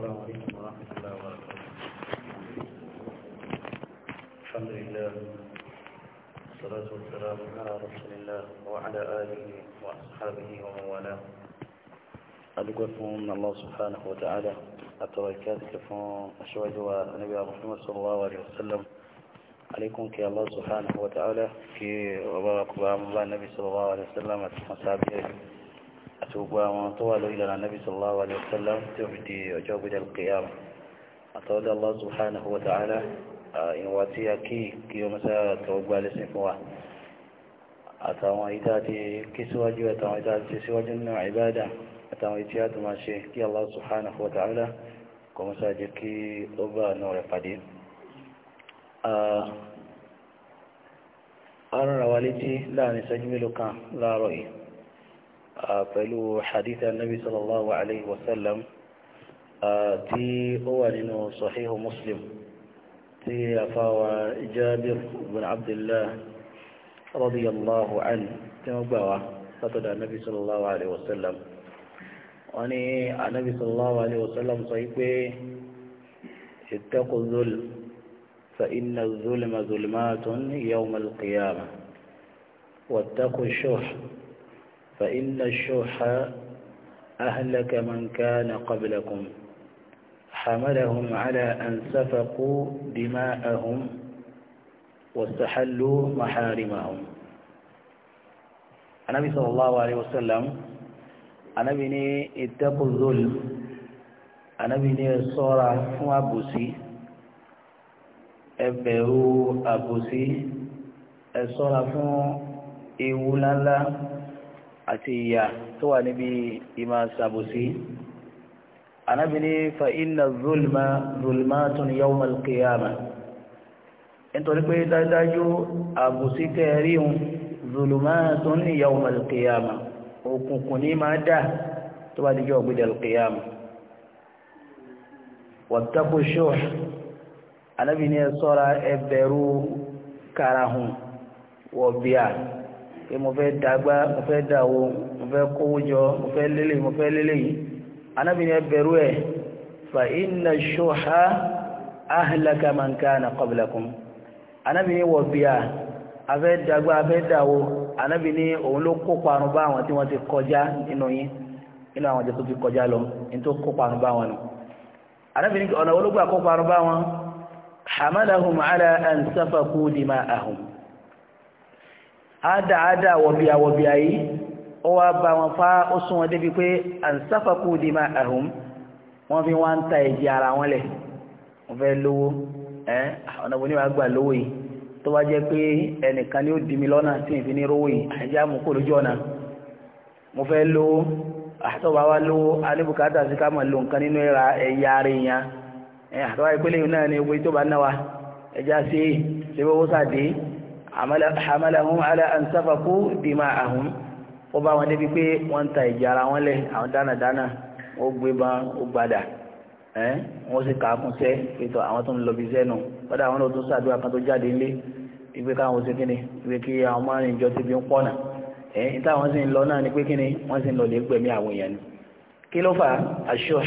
السلام عليكم ورحمة الله وبركاته الحمد لله والصلاة والسلام على رسول الله وعلى آله وأصحابه ومن والاه أدعو فهم الله سبحانه وتعالى أتركات كفون أشهد النبي محمد صلى الله عليه وسلم عليكم كي الله سبحانه وتعالى كي وبارك الله النبي صلى الله عليه وسلم أتحسابه àti gbogbo àwọn tó wà lórí ìlànà nàbí sallallahu alaihi wasallam tí ó fi di ọjọ́ gbẹdẹ kìyàm àtọ́lọ́dọ̀ Allah subhanahu wa ta'ala ìwà tí a kí kí o mọ́sá tọ́gbà lẹ́sìn fún wa àtàwọn ìta ti kí síwájú àtàwọn ìta ti síwájú nínú ìbádà àtàwọn ìtí àti máa ṣe kí Allah subhanahu wa ta'ala kọ mọ́sá jẹ kí ó bá náà rẹ̀ pàdé ara wa létí láàrin ìṣẹ́jú mélòó kan láàárọ̀ yìí pẹ̀lú hadith anabi sallallahu alaihi wasallam tí ó wà nínú sahihu muslim tí a fáwa jabir ibn abdullah radiyallahu an tí wọ́n gbà wá látọ̀dọ̀ anabi sallallahu alaihi wasallam sallam wọ́n ní anabi sallallahu alaihi wasallam sallam sọ pé ittaqu zul fa inna zulma zulmatun yawm al-qiyamah wattaqu shuh فإن الشح أهلك من كان قبلكم حملهم على أن سفقوا دماءهم واستحلوا محارمهم النبي صلى الله عليه وسلم النبي بني اتقوا الظلم النبي بني صورة وابوسي ẹbẹ̀rù ابوسي الصورة fún ewu àti ìyà tó wà níbi ìmá sàbòsí anábi ní fa inna zulma zulmatun yawmal qiyamah nítorí pé dájájú àbòsí tẹ́ẹ̀ríun zulmatun yawmal qiyamah òkùnkùn ní máa dá tó bá díjọ́ ọ̀gbẹ̀dẹ̀ alqiyama wàtàkù ṣóòṣ anábi ní ẹ ṣọ́ra ẹ karahun wọ̀bíà pé mo fẹ́ dàgbà mo fẹ́ dàwó mo fẹ́ kówó jọ mo fẹ́ lélẹ̀ mo fẹ́ lélẹ̀ yìí anábì ni ẹ bẹ̀rù ẹ̀ fa inna shuha ahlaka man kana qablakum anábì ni wọ̀ bíà afẹ́ dàgbà afẹ́ dàwó anábì ni òun ló kó parun bá àwọn tí wọ́n ti kọjá nínú yín nínú àwọn jẹ́ tó ti kọjá lọ ní tó kó parun bá wọn nù anábì ọ̀nà ológun àkó parun bá wọn hamalahum ala an safaku dima'ahum àádáadáa wọ̀bíà wọ̀bíà yìí ó wá bá wọn fá ó sún wọn débi pé àǹsáfàkù dìímà àhùn wọ́n fi wá ń ta ẹ̀jẹ̀ ara wọn lẹ̀ wọ́n fẹ́ lówó ẹ́ ọ̀nà wo ni wàá gbà lówó yìí tó bá jẹ́ pé ẹnìkan ni ó dì mí lọ́nà tí n fi ní rówó yìí àìjá mú kó lójú ọ̀nà mo fẹ́ lówó àtọ́wà wá lówó alébùkátà sí ká mọ̀ lò nǹkan nínú ẹ̀ra ẹ̀yà ara èèyàn àtọ́wà ìpínlẹ̀ yìí náà ni owó tó bá náwa ẹ̀já sí ṣe fowó sàdé hamalahum ala an safaku dima'ahum ó bá wọn débi pé wọ́n ń ta ìjà ara wọn lẹ̀ àwọn dánadáná ó gbé bán ó gbadà ẹ́ wọ́n sì kàákùn sẹ́ ètò àwọn tó ń lọ bí sẹ́nu kọ́dà àwọn náà tó sàdúrà kan tó jáde nílé ìgbé káwọn ó ṣe kíni ìgbé kí àwọn máa rìn jọ ti fi ń pọ̀nà ẹ́ níta wọ́n sì ń lọ náà ni pé kíni wọ́n sì ń lọ lè gbẹ̀mí àwọn èèyàn ni kí ló fà aṣọ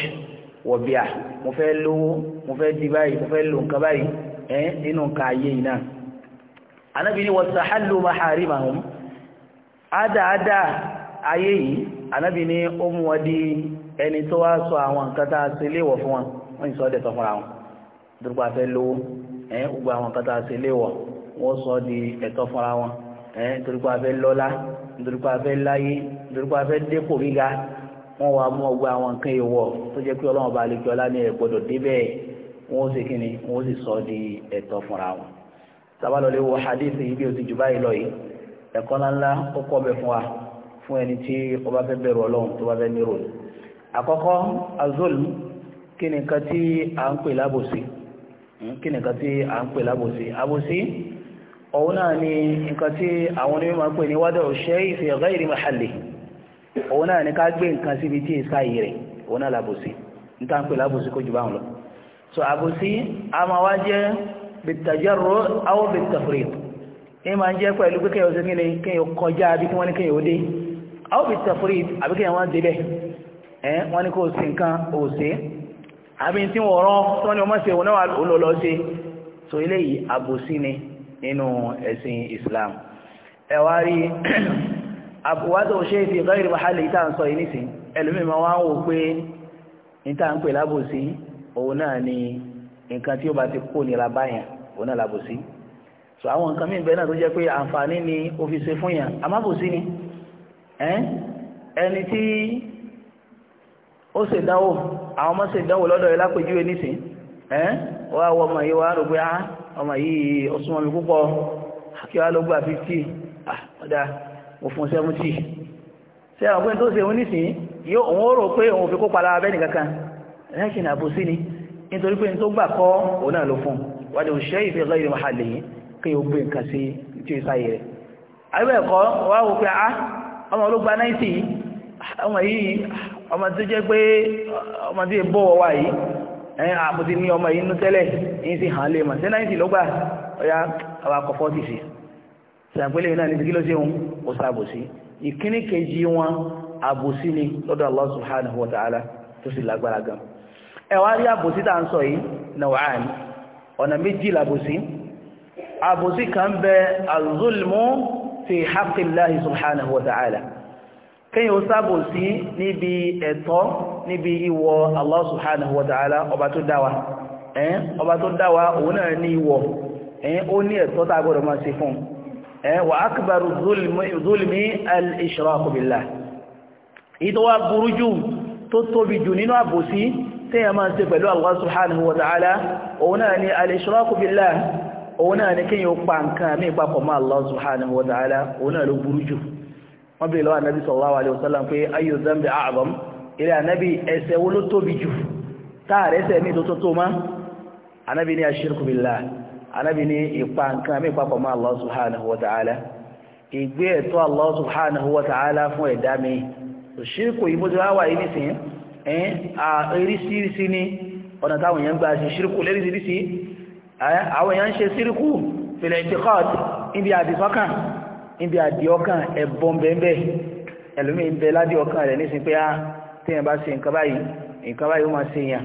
wọ̀bíà mo fẹ́ lówó mo fẹ́ di báyìí mo fẹ́ lo nǹkan báyìí ẹ́ nínú nǹkan ayé yìí náà anábì ní wastahallu maharimahum àdáadáa ayé yìí anábì ní ó mú wọn di ẹni tó wá sọ àwọn nǹkan tá a ṣe léèwọ̀ fún wọn wọ́n yìí sọ ọ́dẹ̀ tọ́fúnra wọn dúró pa fẹ́ lówó ẹ̀ gbogbo àwọn nǹkan tá a ṣe léèwọ̀ wọ́n sọ di ẹ̀tọ́ fúnra wọn ẹ̀ nítorí pé a fẹ́ lọ́lá nítorí pé láyé nítorí pé dépò gíga wọ́n wá mú ọgbà àwọn nǹkan èèwọ̀ tó jẹ́ pé ọlọ́run bá lè ọlá ní ẹ̀ débẹ̀ wọ́n ó sì kíni wọ́n sì sọ di ẹ̀tọ́ fúnra wọn sábàlọ́lé wo hadith yìí bí o ti jù báyìí lọ yìí ẹ̀kọ́ ńláńlá ó kọ́ bẹ fún wa fún ẹni tí ó bá fẹ́ bẹ̀rù ọlọ́run tó bá fẹ́ nírò àkọ́kọ́ azulm kí ni nǹkan tí à ń pè lábòsí hmm, kí ni nǹkan tí à ń pè lábòsí àbòsí òun náà ni nǹkan tí àwọn onímọ̀ máa ń pè ní wádọ̀ ṣe fi ghairi mahalli òun náà ni ká gbé nǹkan síbi tí ìsá yìí rẹ̀ òun náà lábòsí níta pè lábòsí kó jù báwọn lọ so àbòsí a máa wá jẹ́ bìtàjọ́rọ̀ àwọn bìtàfúrẹ́ ní ma ń jẹ́ pẹ̀lú pé kẹyọ sí kíni kẹyọ kọjá bí kí wọ́n ní kẹyọ dé àwọn bìtàfúrẹ́ àbí kẹyọ wọ́n débẹ̀ ẹ́ wọ́n ní kò sí nǹkan òsè àbí tí wọ́n rán tí wọ́n ní ọmọ sí òun náà olólọ́ sí so eléyìí àbòsí ni nínú ẹ̀sìn Islam ẹ wá rí àbúwádọ̀ nǹkan tí ó bá ti kó nira báyàn òun náà làbòsí so àwọn nǹkan mí bẹ́ẹ̀ náà tó jẹ́ pé àǹfààní ni ó fi ṣe fún yàn àmábòsí ni ẹni tí ó ṣèdánwò àwọn ọmọ ṣèdánwò lọ́dọ̀ ẹ lápèjúwe nísìn wá wọ ọmọ yìí wá rò pé ah, ọmọ yìí ó súnmọ́ mi púpọ̀ kí wá ló gbà fifty ọ̀dà ah, mo fún seventy ṣé àwọn pẹ́ni tó ṣe òun nísìn yóò òun rò pé òun fi kópa lára bẹ́ẹ̀ nìkankan ẹ̀ṣìn àbòsí ni nítorí pé ní tó gbà kọ́ òun náà ló fún un wàdí òṣìṣẹ́ ìfẹ́ lọ́yìn wàhálẹ̀ yìí kí o gbé nǹkan sí tí ó sáyé rẹ̀ àbẹ̀ ẹ̀kọ́ wà wò pé a ah, ọmọ ló 90 ah, ọmọ yìí ọmọ tó jẹ́ pé ọmọ tí ó bọ́ wà yìí ẹ̀yìn àpótí ní ọmọ yìí nú tẹ́lẹ̀ yìí hàn lè sí ló gbà ọya náà ní kí ló ṣe ìkíní kejì wọn àbòsí ni lọ́dọ̀ subhanahu wa ta'ala tó sì lágbára gan ẹ̀wà rí àbòsí tá à ń sọ yìí ọ̀nà méjì làbòsí àbòsí kan bẹ azulmu fi haqqillahi subhanahu wa ta'ala kíyàn ó sábòsí níbi ẹ̀tọ́ níbi ìwọ Allah subhanahu wa ta'ala ọba tó dáwà ẹ́n ọba tó dáwà òun náà ní ìwọ ẹ́n ó ní ẹ̀tọ́ tá gbọ́dọ̀ máa ṣe fún ẹ́n wa akbaru zulmi al-ishraku billah ìtọ́wà burú tó tóbi jù nínú àbòsí téèyàn máa ń ṣe pẹ̀lú Allah subhanahu wa ta'ala òun náà ni al-ishraku billah òun náà ni kíyàn pa nǹkan mí papọ̀ mọ́ Allah subhanahu wa ta'ala òun náà ló burú jù wọ́n bí lọ́wọ́ anábì sallallahu alaihi wasallam pé ayyu dhanbi a'zam ilẹ̀ anábì ẹ̀ṣẹ̀ wo ló tóbi jù táàrẹ̀ ẹ̀ṣẹ̀ mi tó tó tó má anábì ni ìgbé ẹ̀tọ́ Allah subhanahu wa fún ẹ̀dá mi òṣìkò ìbójú wá eríṣiríṣi ni ọ̀nà táwọn èèyàn gbà ṣe ṣírkù léríṣiríṣi àwọn èèyàn ń ṣe ṣírkù fìlẹ̀ ìtìkọ́t níbi àdìsọ́kàn níbi àdìọ́kàn ẹ̀bọ̀n bẹ́ẹ̀ ẹlòmíì ń bẹ ládìọ́kàn rẹ̀ nísìn pé á ah, téèyàn bá ṣe nǹkan báyìí nǹkan báyìí ó máa ṣe èèyàn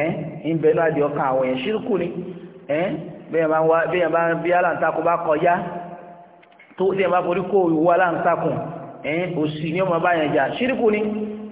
ẹ̀ ń bẹ ládìọ́kàn àwọn èèyàn ṣírkù ni ẹ̀ bẹ́ẹ̀ bá bí aláǹtakùn bá kọjá tó téèyàn bá forí kó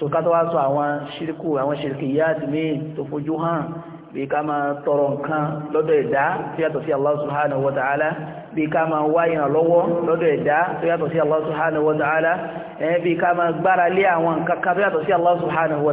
sọ̀ká tó wá sọ àwọn ṣíríkù àwọn ṣíríkì yáàdì míì tó fojú hàn bí ká máa tọrọ nǹkan lọ́dọ̀ ẹ̀dá tó yàtọ̀ sí Allah subhanahu wa ta'ala bí ká máa wá ìrànlọ́wọ́ lọ́dọ̀ ẹ̀dá tó yàtọ̀ sí Allah subhanahu bí ká máa gbára lé àwọn nǹkan tó yàtọ̀ sí Allah subhanahu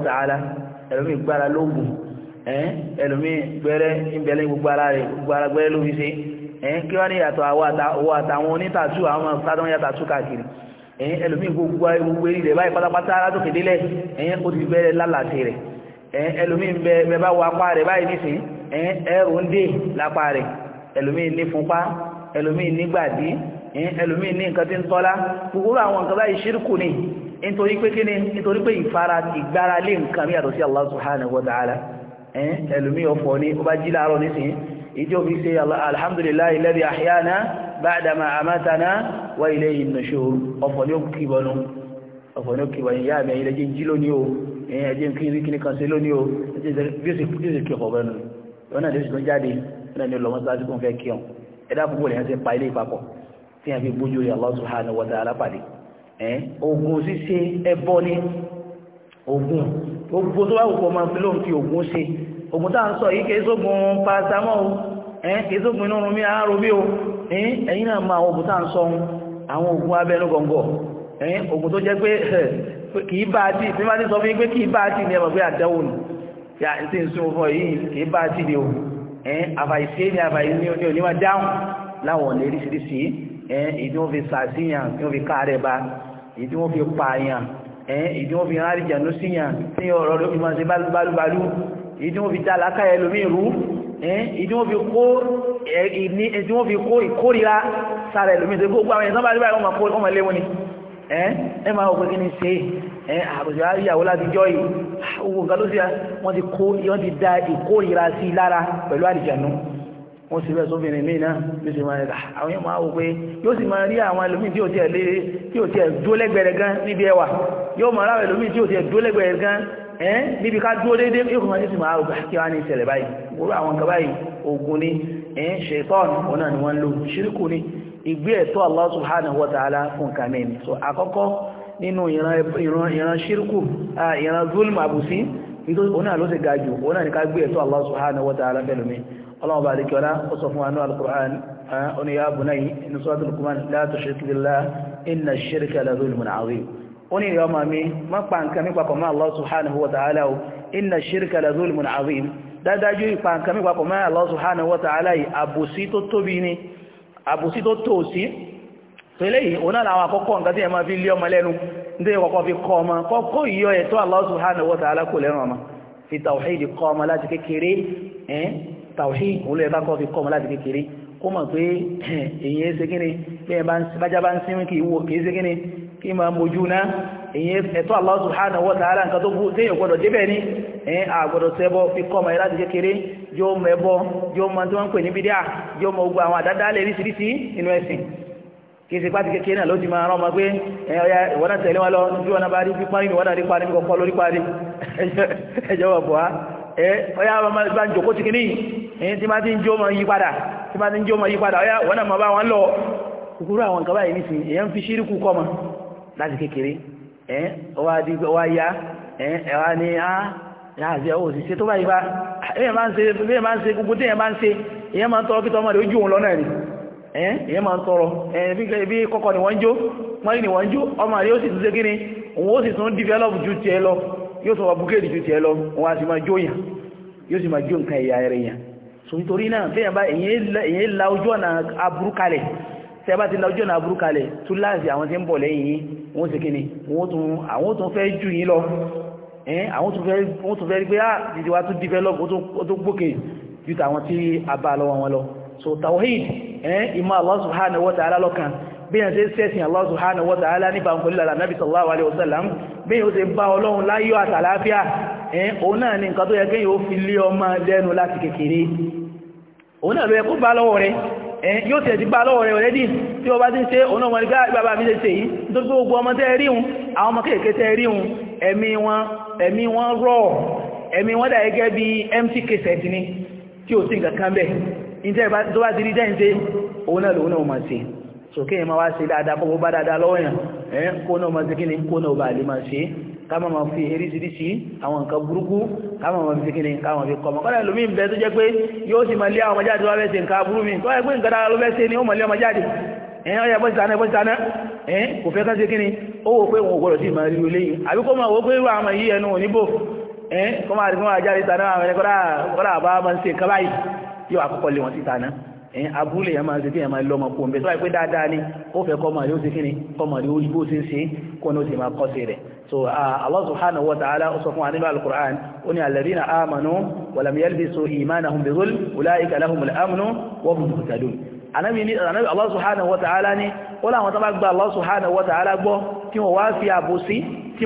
ẹ̀yìn ẹlòmíì gbogbo gbogbo eré rẹ̀ báyìí pátápátá látòkè délẹ̀ ẹ̀yìn ó ti bẹ̀rẹ̀ lálàtì rẹ̀ ẹ̀yìn ẹlòmíì ń bẹ bá wọ apá rẹ̀ báyìí nìsín ẹ̀yìn ẹ̀rù ń dè lápá rẹ̀ ẹlòmíì ní funpá ẹlòmíì ní gbàdí ẹ̀yìn ẹlòmíì ní nǹkan tí ń tọ́lá gbogbo àwọn nǹkan báyìí ṣírkù ni nítorí pé kíni nítorí pé ìfara ìgbára lé nǹkan yàtọ̀ sí Allah subhanahu wa ba'dama amatana wa ilayhi an-nushur ọ̀fọ̀ ni ó kìbọnú ọ̀fọ̀ ni ó kìbọnú ìyá mi ilẹ̀ jẹ́ jí lónìí o ẹ̀yìn ẹ̀jẹ̀ kí kíní kan sí lónìí o bí ó sì kí ọ̀fọ̀ bẹ́nu ìwọ́n náà lè ṣùgbọ́n jáde náà ni ọlọ́mọ sáájú kún fẹ́ kí ọ ẹ̀dá púpọ̀ lè ń ṣe pa ilé ìpapọ̀ tí a fi bójú rẹ̀ Allah subhanahu wa ta'ala pàdé ẹ̀ ogun ṣíṣe ẹbọ ní ogun ẹ̀yìn náà máa ogun tàà ń sọ àwọn ogun abẹ́nú gọ̀ǹgọ̀ ẹ̀yìn ogun tó jẹ́ pé kìí bá ti sọ fún pé kìí bá tí ní ẹmọ̀ pé àdẹ́wò nù yà ń ń sún yìí kìí bá tí ní o ẹ̀yìn ní àfàìsí ní onímọ̀ dáhùn láwọn ọ̀nà ìdí wọn fi sàṣìyàn Eh, ìdí wọ́n fi kó eh, ìní eh, ìdí wọ́n fi kó ìkórira sára ẹlòmí tó gbogbo àwọn ẹ̀sán bá rí báyìí wọ́n máa kó ọmọ ilé wọn ni ẹ máa wọ́n pé kí ni ṣe ẹ àbùjọ àyàwó láti jọ yìí ah, galosia, nǹkan ló sì yà wọ́n ti kó wọ́n ti da ìkórira sí lára pẹ̀lú àdìjànú wọ́n sì bẹ́ẹ̀ sóbìnrin míì náà ló sì máa rà ah, àwọn yẹn máa wò pé yóò sì máa rí àwọn ẹlòmíì tí ò tiẹ̀ dúró lẹ́gbẹ̀rẹ̀ gan níbi ẹwà yóò máa ráwọ̀ ẹlòmíì tí ò tiẹ̀ dúró lẹ́gbẹ̀rẹ̀ gan ẹ́ níbi ká dúró dédé ìkùn máa nísìmọ̀ àrùgbà ah, kí wá ní ìṣẹ̀lẹ̀ báyìí gbogbo àwọn nǹkan báyìí ogun ni ẹ́ ṣẹ̀tọ́n wọn náà ni wọ́n lò ṣíríkù ni ìgbé ẹ̀tọ́ Allah so àkọ́kọ́ nínú ìran ṣíríkù ìran zulm àbùsí òun náà ló ti ga jù òun náà ni ká gbé ẹ̀tọ́ Allah subhanahu wa ta'ala bẹ́ẹ̀ lómi ọlọ́run bá àdíkẹ́ ọlá ó sọ fún wa ní al-Qur'an ó ní yá bunayya inú suratul Luqman ó ní ìyọ́mà mi má pa nǹkan mi papọ̀ mọ́ Allah subhanahu wa ta'ala o inna shirka la zulmun azim dádájú ìpa nǹkan mi papọ̀ mọ́ Allah subhanahu wa ta'ala yìí àbòsí tó tóbi ni àbòsí tó tòsí pẹ̀lẹ́ yìí òun náà àwọn àkọ́kọ́ nǹkan tí ẹ máa fi lé ọmọ lẹ́nu ní ọkọ̀ fi kọ́ ọmọ kọ́kọ́ ìyọ́ ẹ̀tọ́ Allah subhanahu wa ta'ala kò lẹ́nu ọmọ fi tawhid kọ́ ọmọ láti kékeré ẹ́n tawhid òun lẹ́ẹ̀ká kọ́ fi kọ́ ọmọ láti kékeré kó mọ̀ pé èyí ẹ́ ṣe kíni bí ẹ bá ń bájá bá ń sinmi kì í wò kì í ṣe kíni kí ma mojú náà èyàn ẹ̀tọ́ Allah subhanahu wa ta'ala nǹkan tó bú téèyàn gbọdọ̀ débẹ̀ ní ẹ̀yìn àgbọ̀dọ̀ tẹ́bọ̀ fi kọ́ ọmọ ìrádi kékeré yóò mọ ẹbọ yóò mọ tí wọ́n ń pè ní bídíà yóò mọ ogun àwọn àdádá lè ríṣiríṣi inú ẹ̀sìn kì í ṣe pàtí kékeré náà ló ti máa rán ọmọ pé ẹ̀yà ìwọ́nà tẹ̀lé wọn lọ bí wọn bá rí bí parí ni wọn náà rí parí kọ́ kọ́ lórí parí ẹjọ́ wọ̀ bọ́ ọyá ọmọ bá ń jòkó ti kìíní ẹ̀yìn tí bá ti ń jó mọ yí padà tí bá ti ń jó mọ yí padà ọyá wọn náà mọ bá wọn lọ kúkúrú àwọn nǹkan báyìí nìsín èèyàn fi ṣíríkù kọ́ mọ́ láti kékeré ẹ́ ọwá yá ẹ́ wá ní á láàrin ọwọ́ òṣìṣẹ́ tó bá yípa èyàn máa ń ṣe gbogbo tí èyàn máa ń ṣe èyàn máa ń tọrọ kí tọmọ ojú òun lọ́nà rí èyàn máa ń tọrọ bí kọ́kọ́ ni wọ́n jó ni wọ́n jó ọmọ rẹ̀ ó sì tún ṣe kíni òun ó sì tún develop ju tiẹ̀ lọ yóò sọ wà búkẹ́ẹ̀dì ju tiẹ̀ lọ òun á sì la ojú ọ̀nà aburú tẹ́bá ti lọ́jọ́ náà burú kalẹ̀ túláàsì àwọn tí ń bọ̀ lẹ́yìn yìí wọ́n sì kíni àwọn tún fẹ́ jù yín lọ àwọn tún fẹ́ rí pé àti ah, wá tún develop ó tún gbókè ju tàwọn tí a bá lọ́wọ́ wọn lọ so tawhid ìmọ̀ Allah subhanahu wa ta'ala lọ́kàn bí yàn ṣe sẹ́sìn Allah subhanahu wa ta'ala nípa nǹkan lílà nàbí sallallahu alaihi wasallam bí yàn ṣe bá ọlọ́run láyọ̀ àtàláfíà òun náà ni nǹkan tó yẹ kéèyàn ó fi lé ọmọ lẹ́nu láti kékeré òun náà ló yẹ yóò tẹ̀ ti gbá lọ́wọ́ rẹ̀ ọ̀rẹ́dì tí ó bá ti ń ṣe ọ̀nà ọmọ ìgbà ìgbàbà mi lè ṣe yìí tó gbé ogun ọmọ tẹ́ ríhun àwọn ọmọ kéèkéé tẹ́ ríhun ẹ̀mí wọn rọ̀ ẹ̀mí wọn dà gẹ́gẹ́ bí empty cassette ni tí ó sì nǹkan bẹ̀ tó bá ti rí jẹ́ǹṣe òun náà lòun náà mọ̀ sí sókè yẹn máa wá ṣe dáadáa kó bá dáadáa lọ́wọ́ yẹn kó náà mọ̀ sí kí ni kó náà bá lè máa ká má máa fi eríṣiríṣi àwọn nǹkan burúkú ká má máa fi kíni ká máa fi kọ́mọ kọ́lá ìlúmí bẹ tó jẹ́ pé yóò sì máa lé àwọn ọmọjáde wá fẹ́ ṣe nǹkan burú mi tó yẹ nǹkan dára ló fẹ́ ṣe ni ó máa lé ọmọjáde ẹ̀yìn ọ̀yà bọ́sì tánà bọ́sì tánà ẹ̀yìn kò fẹ́ kán ṣe kíni ó wò pé wọn ò gbọ́dọ̀ sí ìmọ̀ rí olé yìí àbí kó máa wò pé irú àwọn yìí ẹnu ẹ̀yìn abúlé yẹn máa ń sèké yẹn máa lọ́mọ kó mbẹ́ tó wáyé pé dáadáa ni ó fẹ́ kọ́ màrí ó ti kíni kọ́ màrí ó bó ṣe ń ṣe ní ó sì máa kọ́ sí rẹ̀ so Allah subhanahu wa ta'ala ó sọ fún wa nínú alukur'an ó ní alladhina amanu walam yalbisu imanahum bi dhulm ulaika lahumul amnu wa hum muhtadun anabi ni anabi Allah subhanahu wa ta'ala ni ó láwọn tó bá gba Allah subhanahu wa ta'ala gbọ́ kí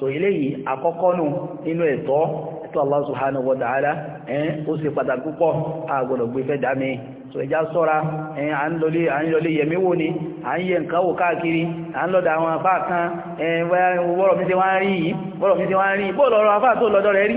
so eléyìí àkọ́kọ́ nù nínú ẹ̀tọ́ ẹ̀tọ́ Allah subhanahu wa ta'ala ẹ̀ẹ́n ó ṣe pàtàkì púpọ̀ àgbọ̀dọ̀ gbé fẹ́ dámi so ẹjá sọ́ra ẹ̀ẹ́n à ń lọlé yẹmí wò ni à ń yẹ nǹkan wò káàkiri à ń lọ́dọ̀ àwọn afá kan ẹ̀ẹ́n bọ́rọ̀ mi ti wá ń rí yìí bọ́rọ̀ mi ti wá ń rí bọ́ọ̀lọ́rọ̀ afá tó lọ́dọ̀ rẹ̀ rí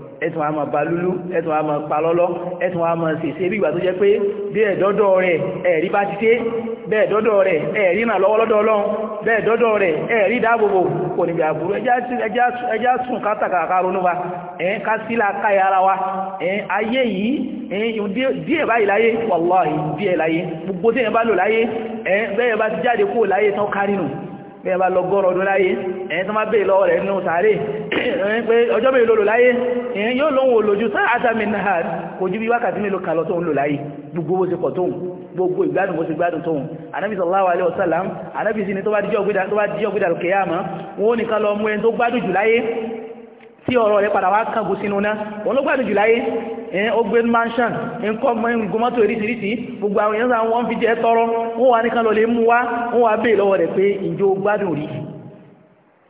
ẹ̀tùn àmà balúlú ẹ̀tùn àmà palọ́lọ́ ẹ̀tùn àmà sèse bí ìgbà tó jẹ́ pé bí ẹ̀dọ́dọ̀ rẹ̀ ẹ̀rí bá ti dé bẹ́ẹ̀ dọ́dọ̀ rẹ̀ ẹ̀rí nà lọ́wọ́ lọ́dọ̀ ọlọ́run bẹ́ẹ̀ dọ́dọ̀ rẹ̀ ẹ̀rí dáàbòbò kò níbi àbúrú ẹjá sùn kátàkàkà ronú wa ẹ̀ẹ́ wa ẹ̀ẹ́ ayé yìí díẹ̀ báyìí láyé wàláhì díẹ̀ láyé gbogbo tí ẹ bá lò láyé ẹ̀ẹ́ bẹ́ẹ̀ bá ti jáde kúrò bí ẹ bá lọ gọ́rọ̀ ọdún láyé ẹ̀yìn tó má bèè lọ́wọ́ rẹ̀ nínú sàárè pé ọjọ́ mélòó lò láyé ìyẹn yóò lóhun olójú sáàtàmì náà kò ju bí wákàtí mélòó kan lọ tóun lò láyé gbogbo bó ṣe pọ̀ tóun gbogbo ìgbádùn bó ṣe gbádùn tóun anábì sallallahu Eh, ó gbé mansion nǹkan gbọmọ́tò oríṣiríṣi gbogbo àwọn èèyàn sáà wọ́n fi jẹ́ tọrọ wọ́n wà nìkan lọ lè mú wá wọ́n wà bèè lọ́wọ́ rẹ̀ pé ìjọ gbádùn rí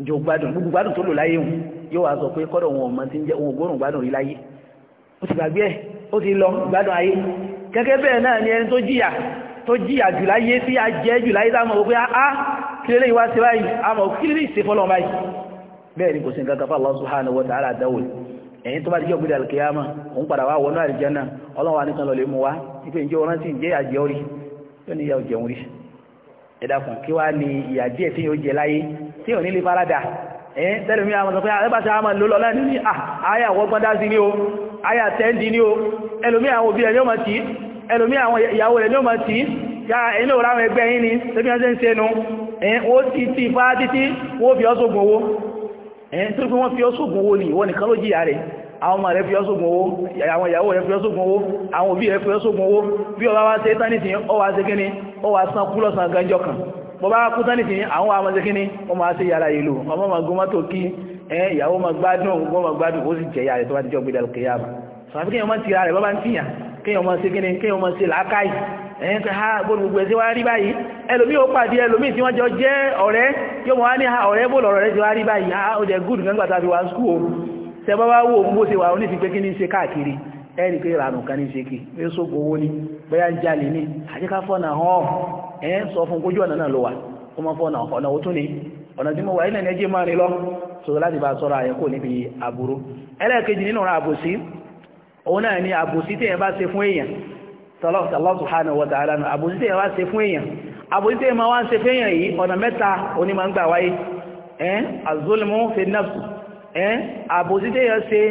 ìjọ gbádùn gbogbo gbádùn tó lò láyé wọn yóò wá sọ pé kọ́dọ̀ wọn ọmọ tí ń jẹ́ òun ògbórùn gbádùn rí láyé ni ẹni tó jìyà tó jìyà jù láyé tí a jẹ́ jù láyé sáàmọ̀ wípé á ah, ah, kí lélẹ́yìn wá wa ta'ala dáwò ẹ̀yìn tó bá jẹ́ ògbìdà alkiyama òun padà wá wọnú àlìjánà ọlọ́wà nìkan lọ lè mú wá ipé ìjẹ́ ọ̀rán sí ìjẹ́ àjẹ́ orí tó ní ìyà òjẹun rí ẹ̀dàkùn kí wá ní ìyà díẹ̀ tí yóò jẹ láyé tí ò ní farada ẹ̀yìn tẹ́lẹ̀ mi àwọn ọ̀sán pé àmà ló ní o àyà tẹ́ndì ní o ẹlòmí àwọn òbí rẹ̀ ní ó máa tí ẹlòmí ya ẹ̀yìn òra àwọn ẹgbẹ́ yìí ni tẹ́bí ọ́n ṣe ń ṣe nu ẹ̀yìn ó ẹ̀yìn tó gbé wọ́n fi ọ́sùgùn owó ní ìwọ nìkan ló jìyà rẹ̀ àwọn ọmọ rẹ̀ fi ọ́sùgùn owó àwọn ìyàwó rẹ̀ fi ọ́sùgùn owó àwọn òbí rẹ̀ fi ọ́sùgùn owó bí ọba wá ṣe tánìtì ọwà ṣe kíní ọwà san kú lọ́sàn ganjọ kan bọba kú tánìtì àwọn àmọ́ ṣe kíní ọmọ ṣe yàrá ìlú ọmọ ma gún mọ́tò kí ìyàwó ma gbádùn ọgbọ́n ma gbádùn ẹ̀yìn ha bóòlù gbogbo ẹ̀ tí wá rí báyìí ẹlòmí ó pàdé ẹlòmí tí wọ́n jọ jẹ́ ọ̀rẹ́ yóò mọ̀ wá ní ọ̀rẹ́ bóòlù ọ̀rọ̀ rẹ̀ tí wá rí báyìí ha ó jẹ́ gúdù nígbà tàbí wá skú o tẹ bá wá wò ó bó ṣe wà ó ní ti pé kí ní ṣe káàkiri ẹ̀rì pé ìlànà kan ní ṣe kí pé sóko owó ni bóyá ń jalè ní àjẹká fọ́nà hàn ẹ̀ ń sọ fún kójú ọ̀nà náà ló wà ó mọ́ fọ́nà ọ̀nà ni ọ̀nà tí mo wà nílẹ̀ ní ẹjẹ́ máa rí lọ so láti bá sọ́ra ẹ̀ níbi àbúrú ẹlẹ́ẹ̀kejì nínú àbòsí òun náà ni àbòsí tí ẹ bá ṣe fún èèyàn Allah subhanahu wa ta'ala nù àbòsítẹ́ yẹn wá ṣe fún èèyàn àbòsítẹ́ yẹn máa wá ṣe fún èèyàn yìí ọ̀nà mẹ́ta onímọ̀ ń gbà wáyé ẹ́n azulmu fi nafs ẹ́n àbòsítẹ́ yẹn ṣe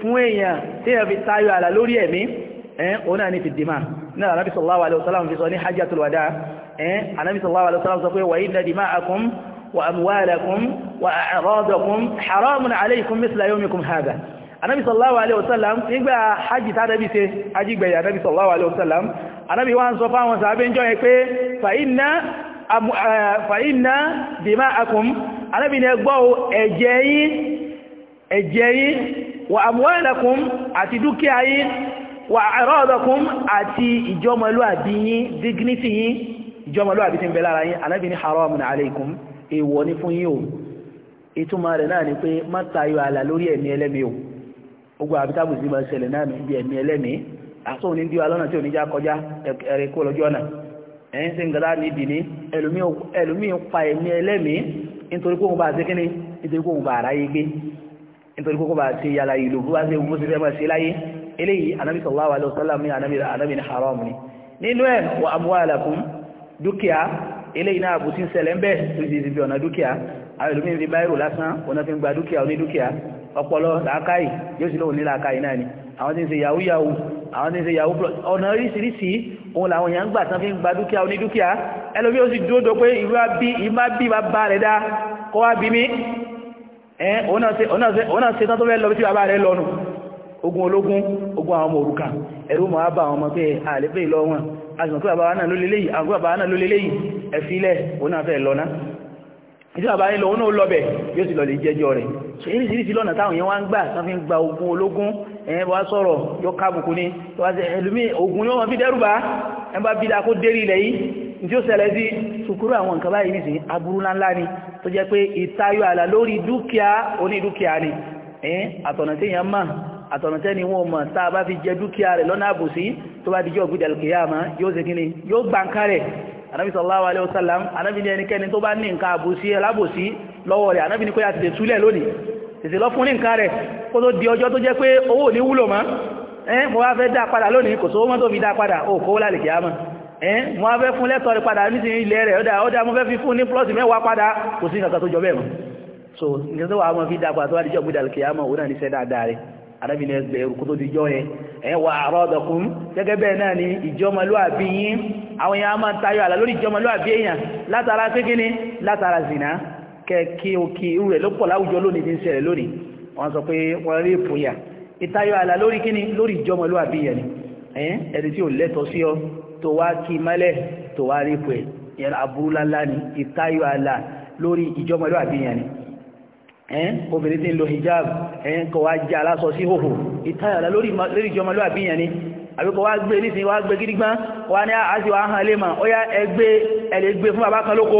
fún èèyàn tí yẹn fi tayọ àlà lórí ẹ̀mí ẹ́n òun náà ní fi dìmá náà anábì sallallahu alaihi wasallam fi sọ ní hajjatul wada ẹ́n anábì sallallahu alaihi wasallam sọ pé wa inna dima'akum wa wa a'radakum haramun alaykum mithla yawmikum anábi sallallahu alaihi wasallam nígbà hajji tánàbí ṣe ajígbẹ̀yà anábi sallallahu alaihi wasallam anábi wá ń sọ fáwọn sàábẹ́ jọ yẹn pé fa'inna eh, dima'akum anábi ni ẹgbọ́ ẹ̀jẹ̀ yín ẹ̀jẹ̀ yín wa amwalakum àti dúkìá yín wa aradakum àti ìjọmọlúàbí yín dignity yín ìjọmọlúàbí tí ń bẹ lára ìtumọ̀ rẹ̀ náà ni pé má tayọ àlà lórí ẹ̀mí ẹlẹ́mìí o ogun àbítàbù sí máa ṣẹlẹ̀ náà ní ibi ẹ̀mí ẹlẹ́mí àtọ́ ní bí alọ́nà tí ò ní já kọjá ẹ̀rẹ́ kó lọ́jọ́ ọ̀nà ẹ̀yìn sí ngàlá ní ìdì ní ẹlòmí pa ẹ̀mí ẹlẹ́mí nítorí kóhun bá ni nítorí kóhun bá aráyé gbé nítorí kóhun bá ṣe yàrá ìlú bó bá ṣe bó ṣe fẹ́ máa ni nínú ẹ̀ wà amwalakum dúkìá eléyìí náà bù sí ń àwọn ìlú mìíràn báyìí lásán ọ̀nà fi ń gba dúkìá onídúkìá ọpọlọ làákàyè yóò sì lóun ní làákàyè náà ni àwọn tí ń ṣe yahoo yahoo àwọn tí ń ṣe yahoo plus ọ̀nà oríṣiríṣi òun làwọn èèyàn ń gbà tán fi ń gba dúkìá onídúkìá ẹlòmí ó sì dúró dó pé ìlú àbí ìmá bí bàbá rẹ̀ dá kó wá bí mí ẹ̀ òun náà ṣe tán tó fẹ́ lọ bí tí bàbá rẹ̀ lọ ìdí bàbá yẹn lòun náà lọ́bẹ̀ yóò sì lọ lè jẹ́jọ́ rẹ̀ so irisirisi lọ́nà táwọn yẹn wá ń gbà tán fi ń gba ogun ológun ẹ̀yẹn wá sọ̀rọ̀ yóò kábùkù ní ẹlùmí ogun yóò wọ́n fi dẹ́rùbá ẹ bá bí dákó dérí ilẹ̀ yìí tí ó ṣẹlẹ̀ sí ni tó jẹ́ pé ìtayọ ni ẹ̀yìn àtọ̀nà tí yẹn mọ̀ àtọ̀nà tẹ́ni wọn mọ̀ tá a bá fi jẹ anábì sallallahu alaihi wasallam anábì ní ẹnikẹ́ni tó bá ní nǹkan àbòsí alábòsí lọ́wọ́ rẹ̀ anábì ní kó yá tètè túlẹ̀ lónìí tètè lọ fún ní nǹkan rẹ̀ kó tó di ọjọ́ tó jẹ́ pé owó ò ní wúlò mọ́ ẹ́ mo wá fẹ́ dá padà lónìí kò sówó mọ́ tó fi dá padà ó kó lálẹ́ kìá mọ́ tó so nǹkan tó wà á mọ́ fi dá padà tó wá di jọ́ gbé dàlùkìá mọ́ òun náà ní sẹ́dáa dáa rẹ̀ arábìn jọ yẹn àrọ́dọ̀kún gẹ́gẹ́ bẹ́ẹ̀ náà ni ìjọmọlúwàbí yín àwọn èèyàn máa ń tayọ àlà lórí ìjọmọlúwàbí èèyàn látara pé kíni látara zìnà kẹkí òkè rẹ̀ ló pọ̀ láwùjọ lónìí ti ṣẹlẹ̀ lónìí wọ́n sọ pé wọ́n rí ìpòyà ìtayọ àlà lórí kíni lórí ìjọmọlúwàbí yẹn ni ẹni tí ò lẹ́tọ̀ọ́ sí ọ tó wá kí mẹ́lẹ̀ tó wá rí ìpò ẹ̀ yẹn aburú lánlá ni ìtayọ àlà lórí ìjọmọlúwàbí yẹn ni obìnrin tí ń lo hijab kọ̀ wá já aláṣọ sí hòhò ìtayọ àlà lórí ìjọmọlúwàbí yẹn ni àbíkọ wá gbé ní ìsìn wá gbé gidigba wá ní àti wá hàn lè mà ó yá ẹgbẹ́ ẹ̀lẹ́ gbé fún bàbá kan lóko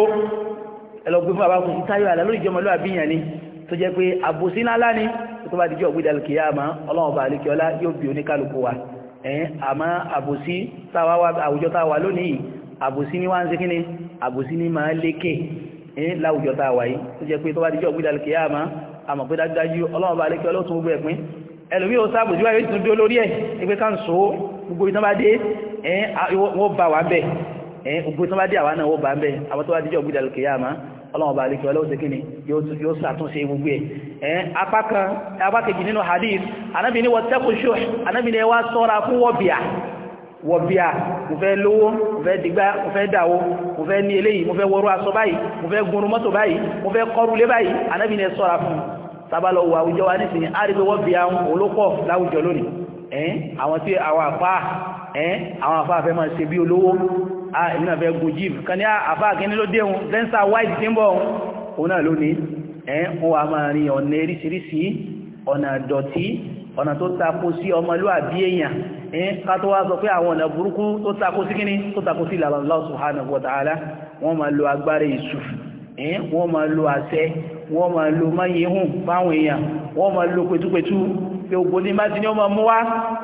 ẹ̀lọ́ gbé fún bàbá kan ìtayọ̀ àlá lórí ìjọmọlú àbíyàn ni tó jẹ́ pé àbòsí ńláńlá ni tó bá dijọ́ ògbédà kìyàmá ọlọ́run bá àlékiọlá yóò bí oníkálukú wa ẹ̀yìn àmọ́ àbòsí àwùjọ tá a wà lónìí àbòsí ní wá ń ṣe kíni àbòsí ní máa ọlọ́run ẹlòmí ò sáàbù síwáyé tún dó lórí ẹ̀ ẹgbẹ́ ká ń so gbogbo ìtàn bá dé wọ́n bá wà bẹ̀ gbogbo ìtàn bá dé àwa náà wọ́n bá bẹ̀ àwọn tó bá díjọ́ gbídà lókè yáàmá ọlọ́wọ́n bá alékè ọlọ́wọ́ sí kíni yóò sàtúnṣe gbogbo ẹ̀ apá nínú hadith anábì ní wọ́tẹ́kù ṣó anábì ní ẹwà sọ́ra fún wọ́bìà wọ̀bíà mo fẹ́ lówó mo fẹ́ dìgbà mo fẹ́ dàwó mo fẹ́ ní eléyìí mo fẹ́ wọrú aṣọ báyìí mo fẹ́ gunrun mọ́tò báyìí mo fẹ́ kọrulé báyìí anábì sọ́ra fún tábàlọ wo àwùjọ wa nísìnyí á rí pé wọ́n fi àwọn olókọ̀ láwùjọ lónìí ẹ̀ẹ́n àwọn tí àwọn àfá ẹ̀ẹ́n àwọn àfá fẹ́ máa ṣe bí olówó èmi náà fẹ́ àfá àkíní lẹ́ńsà white tí ń bọ̀ òun náà lónìí ẹ̀ẹ́n wọ́n wà máa rin ọ̀nà eríṣiríṣi ọ̀nà dọ̀tí ọ̀nà tó tako sí ọmọlúwàbí èèyàn ẹ̀ẹ́n ká tó wá sọ pé àwọn ọ̀nà burúkú tó tako wọ́n máa lo máyé hùn fáwọn èèyàn wọ́n máa lo pẹ̀túpẹ̀tú pé gbogbo tí bá ti ní ọmọ mú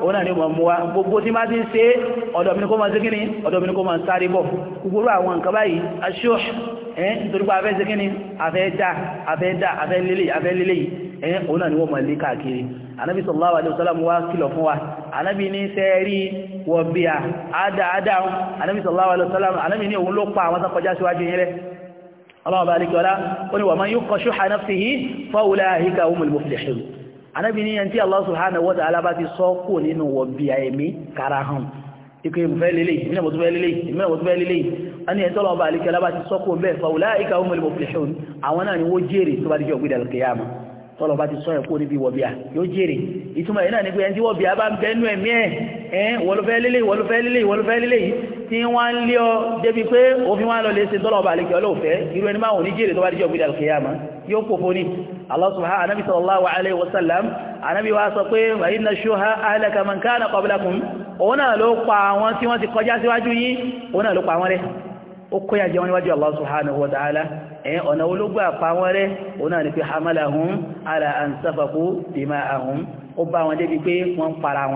òun náà ni ọmọ mú wá gbogbo tí bá ti ń ṣe ọ̀dọ̀ ni kó máa ṣe kíni ọ̀dọ̀ mi ni kó máa sáré bọ̀ gbogbo àwọn nǹkan báyìí aṣọ ẹ̀ nítorí pé afẹ́ ṣe afẹ́ dá afẹ́ dá afẹ́ lélẹ̀ afẹ́ lélẹ̀ yìí òun náà ni wọ́n máa lé káàkiri anabi sallallahu alaihi wasallam wa kìlọ̀ fún wa anabi ní sẹ́ẹ̀rí wọ̀bíà àádáadáa anabi sallallahu alaihi wasallam anabi ní òun ló pa àwọn tó kọjá síwájú yẹn rẹ̀ Allah bá alékẹ́ ọlá ó ní wa man yuqqa shuhha nafsihi fa ulaika humul muflihun anábi ní ẹntí Allah subhanahu wa ta'ala bá ti sọ kò nínú wọ bí i ẹ̀mí kára hàn ikú ìmúfẹ́ lélẹ̀ ìmúnàmọ̀túfẹ́ lélẹ̀ ìmúnàmọ̀túfẹ́ lélẹ̀ a ní ẹ̀ntí Allah bá alékẹ́ ọlá bá ti sọ kò bẹ́ẹ̀ fa ulaika humul muflihun àwọn náà ni wó jèrè tó bá ti jọ gbé dàlùkìyàmà tọ́lọ̀ bá ti lélẹ̀ wọ́lọ́fẹ́ lélẹ̀ lélẹ̀ tí wọ́n ń lé ọ débi pé òfin wọn lọ lè ṣe dọ́lọ̀ ọba àlekẹ́ ọlọ́ọ̀fẹ́ irú ẹni máa wọ́n ní jèrè tó bá díjọ́ gbé al-qiyamah yóò kò fóní Allah subhanahu anábi sallallahu alaihi wasallam anábi wa sọ pé wa inna shuha ahlaka man kana qablakum òun náà ló pa àwọn tí wọ́n ti kọjá síwájú yín òun náà ló pa wọ́n rẹ́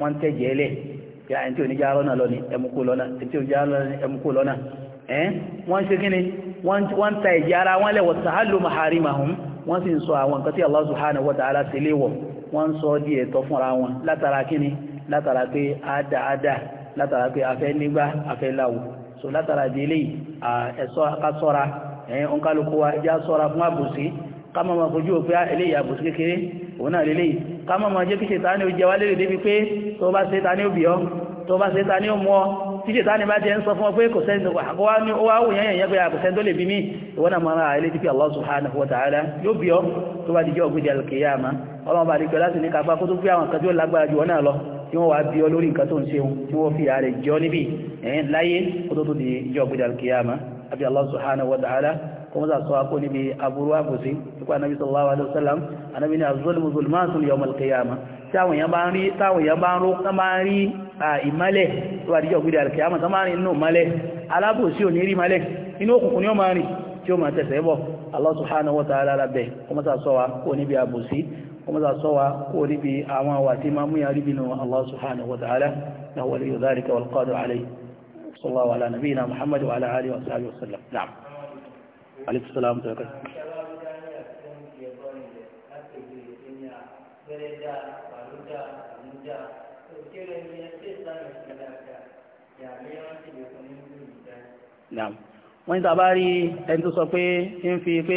wọ́n tẹ́jẹ̀ẹ́lẹ̀ kí ah, ẹni tí ò ní já lọ́nà lọ́ni ẹmukú lọ́nà ẹni tí ò já lọ́nà ẹmukú lọ́nà ẹ́n wọ́n ṣe kíni wọ́n ta ìjà ara wọn lẹ́wọ̀ sàálù maharimahum wọ́n sì ń sọ àwọn nǹkan tí Allah subhanahu wa ta'ala ṣe léwọ̀ wọ́n ń sọ di ẹ̀tọ́ fúnra wọn látara kíni látara pé àdá àdá látara pé afẹ́ nígbà afẹ́ láwù so látara di eléyìí ẹ̀sọ́ ká sọ́ra ẹ̀yìn òǹkálukú wa já sọ́ra fún àbòsí ká má máa fojú òpin ah, eléyìí àbòsí kékeré òun náà lélẹ́yìí ká mọ̀ mọ̀ jẹ́ kí ṣètánì ó jẹ wá lérè débi pé tó bá ṣètánì ó bì ọ́ tó bá ṣètánì ó mú ọ tí ṣètánì bá jẹ́ ń sọ fún ọ pé kò sẹ́ni tó wà ó wá wò yẹn yẹn pé kò sẹ́ni tó lè bí mí ìwọ náà mọ̀ ara ilé tí pé Allah subhanahu wa ta'ala yóò bì ọ́ tó bá dijọ́ ògbédè al-qiyama ọlọ́run bá dìgbẹ́ láti ní kápá kó tó gbé àwọn kan tí ó lágbára jù ọ náà lọ tí wọ́n wá bí ọ lórí nǹkan tó ń ṣeun tí wọ́n fi ààrẹ jọ níbi ẹ̀yìn láyé kó tó tó di ìjọ ògbédè al-qiyama àbí Allah subhanahu wa ta'ala kuma za su hako níbi aburú àbòsí nípa anábi sallallahu alaihi wasallam anábi ni azulmu zulmatun yawm alqiyama táwọn yan bá ń rí táwọn yan bá ń ro kan máa rí ìmálẹ̀ tó àdíjọ́ gbídẹ̀ alqiyama tó máa rí inú málẹ̀ alábòsí ò ní rí málẹ̀ inú òkùnkùn ni ó máa rìn tí ó máa tẹ̀sẹ̀ bọ̀ Allah subhanahu wa ta'ala rabẹ̀ kuma za sọ wa kó níbi àbòsí kuma za sọ wa kó níbi àwọn àwàtí máa mú yan rí bínú Allah subhanahu wa ta'ala na waliyu dhalika wal qadir alayhi sallallahu ala nabiyina muhammad wa ala alihi wa sahbihi wa aleykum salaam tó yẹ kọ́. Naam wọ́n ní tàbá rí ẹni tó sọ pé ń fi pé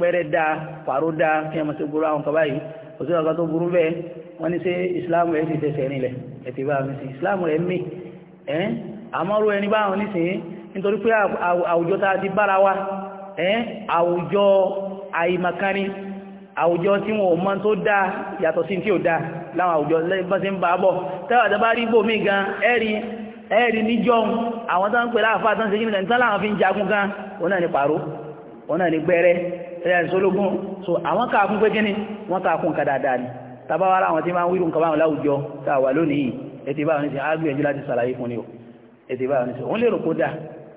pẹ́rẹ́ dá pàró dá kí ẹmọ sí burú àwọn kọba yìí kò sí ọ̀gá tó burú bẹ́ẹ̀ wọ́n ní sí islam rẹ̀ sì tẹ̀sẹ̀ nílẹ̀ ẹ̀tì bá mi sí islam rẹ̀ mí ẹ́ àmọ́rú ẹni báwọn nísìnyí nítorí pé àwùjọ tá a ti bára wa àwùjọ àìmọ̀kánni àwùjọ tí wọn ò mọ̀ tó dáa yàtọ̀ sí tí ò dáa láwọn àwùjọ bá ṣe ń bá bọ̀ tẹ́wà tẹ́ bá rí bò gan ẹ́rí níjọ́ àwọn tán ń pè láàfà tán ni pàró òun ni gbẹ́rẹ́ ẹ̀rẹ́ ìṣológún so àwọn káàkún pé kíní wọ́n káàkún nǹkan dáadáa ni tabawara àwọn tí máa ń wírù nǹkan báwọn láwùjọ tá a wà lónìí ètè báwọn láti ṣàlàyé fún ni o ètè báwọn ní ti òun lérò kó dáa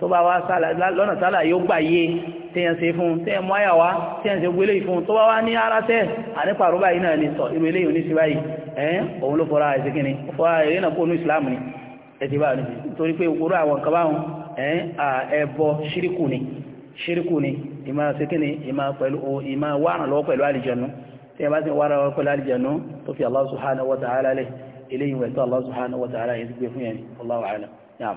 tó bá wá lọ́nà sálà yóò gbà yé tẹ́yàn ṣe fún tẹ́yàn mú àyà wá tẹ́yàn ṣe gbélé ìfún tó bá wá ní ara tẹ́ ànípàrọ̀ báyìí náà ní sọ irú ilé ìhun ní sí báyìí ẹ̀ẹ́n òun ló fọ́ra ẹ̀sẹ̀ kìíní fọ́ra ẹ̀rẹ́ náà kóònù ìsìláàmù ni ẹ̀sẹ̀ báyìí torí pé òkúrú àwọn nǹkan báwọn ẹ̀ẹ́n ẹ̀bọ ṣíríkù ni ṣíríkù ni ìmá ṣe kìíní ìmá pẹ̀lú ìmá wárán lọ́wọ́ pẹ̀lú àlìjẹnu tó Allah subhanahu wa ta'ala lẹ̀ gbé fún yẹn Allahu a'lam naam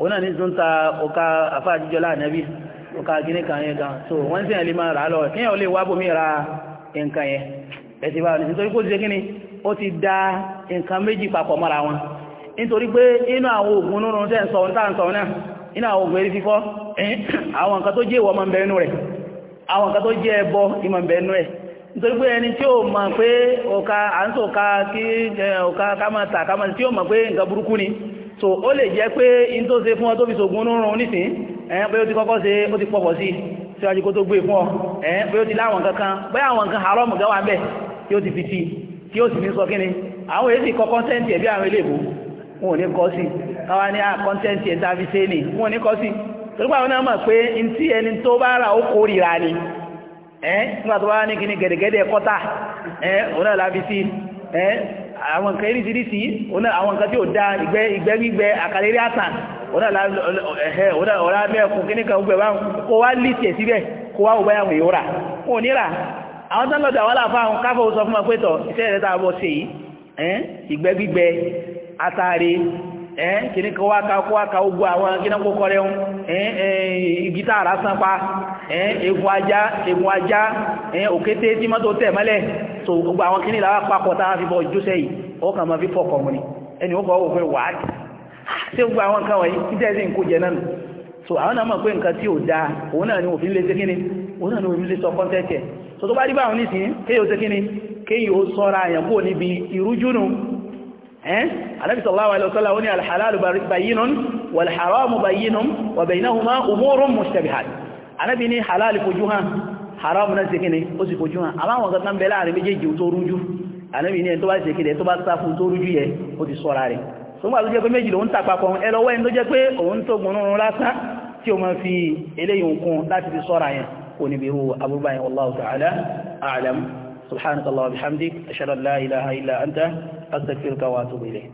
òun náà ní oka ń ta ọ̀ka kan gan so wọ́n sì lè máa rà á lọ kí yẹn lè wá bòmí ra nǹkan yẹn ti ni da nǹkan méjì papọ̀ mọ́ra wọn nítorí pé inú àwọn oògùn nínú tẹ́ ń sọ ń tà ń sọ náà inú àwọn oògùn eré fífọ́ àwọn nǹkan ka ma ma so ó lè jẹ́ pé in tó ṣe fún ọ tó fi ṣògùn oorun nísìn ẹ̀yìn pé ó ti kọ́kọ́ ṣe ó ti pọ̀pọ̀ sí síwájú kó tó gbé e fún ọ ẹ̀yìn pé ó ti láwọn kankan bóyá àwọn nǹkan haram gáwà bẹ́ẹ̀ kí ó ti fi ti kí ó sì ní sọ kí ni àwọn èsì kọ kọ́ńtẹ́ǹtì ẹ̀bí àwọn ilé ìbò wọn ò ní kọ́ sí káwa ní à ah, kọ́ńtẹ́ǹtì ẹ̀ta fi ṣe nì wọn ò ní kọ́ sí torí pé àwọn náà mọ̀ pé in tí ẹni tó bá ra ó kórìíra ni ẹ̀ nígbà tó bá ní kí ni gẹ̀dẹ̀gẹ̀dẹ̀ kọ́tà ẹ̀ òun náà láfi sí àwọn nǹkan irisirisi ọ̀nà àwọn nǹkan tí ó dá ìgbẹ́gbígbẹ́ àkàlérí àtàn ọ̀nà mẹ́ẹ̀kùn kíníkan gbẹ̀ bá kó wá lìtẹ̀ síbẹ̀ kó wá òbáyà wọ̀nyí ó rà wọn ò ní rà àwọn tán lọ́dọ̀ wọ́n láàfá àwọn káfọ́ sọ fún apẹ́tọ̀ iṣẹ́ rẹ̀ tàà bọ́ sí ìgbẹ́gbígbẹ́ àtàrí kìníkan wá káwọ́ so gbogbo àwọn kìíní làwọn papọ̀ táwọn fi bọ́ jósẹ́ yìí ọkàn máa fi fọkàn wọn ni ẹni ó kọ́ wò pé wàá ṣé gbogbo àwọn nǹkan wọ̀nyí títẹ́ sí nǹkó jẹ nánu so àwọn náà mọ̀ pé nǹkan tí ò dáa òun náà ni òfin lé sékíní òun náà ni òfin lé sọ kọ́ńtẹ́ẹ̀tì so tó bá rí báwọn nísìnyí kéyìí sékíní kéyìí ó sọ́ra àyàn kúrò níbi ìrújúnù النبي صلى الله عليه وسلم قال الحلال بين والحرام بين وبينهما امور مشتبهات انا بني حلال فجوها haram náà ṣe kíni ó sì fojú hàn àbáwọn kankan bẹ láàrin méjèèjì tó rújú ànábì ní ẹni tó bá ṣe kíni tó bá sá fún tó rújú yẹ ó ti sọ́ra rẹ̀ sọgbà tó jẹ́ pé méjì lòun tàpapọ̀ ẹ lọ́wọ́ ẹni tó jẹ́ pé òun tó gbọ́nrún lásán tí o máa fi eléyìí nǹkan láti fi